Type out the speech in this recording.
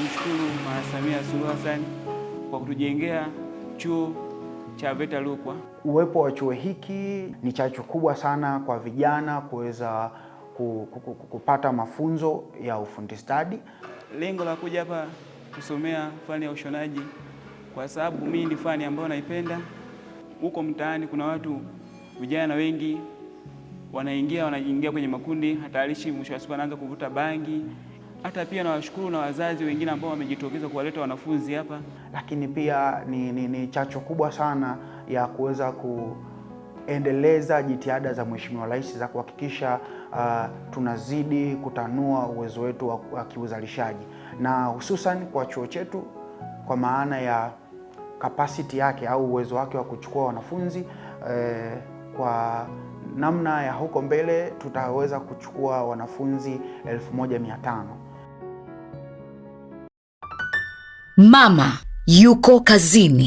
namshukuru Mama Samia Suluhu Hassan kwa kutujengea chuo cha VETA Rukwa. Uwepo wa chuo hiki ni chachu kubwa sana kwa vijana kuweza kupata mafunzo ya ufundi stadi. Lengo la kuja hapa kusomea fani ya ushonaji kwa sababu mimi ni fani ambayo naipenda. Huko mtaani kuna watu vijana wengi wanaingia wanaingia kwenye makundi hatarishi, mwisho wa siku anaanza kuvuta bangi. Hata pia nawashukuru na wazazi wengine ambao wamejitokeza kuwaleta wanafunzi hapa, lakini pia ni, ni, ni chachu kubwa sana ya kuweza kuendeleza jitihada za Mheshimiwa Rais za kuhakikisha uh, tunazidi kutanua uwezo wetu wa, wa kiuzalishaji na hususan kwa chuo chetu kwa maana ya kapasiti yake au uwezo wake wa kuchukua wanafunzi eh, kwa namna ya huko mbele tutaweza kuchukua wanafunzi elfu moja mia tano. Mama yuko kazini.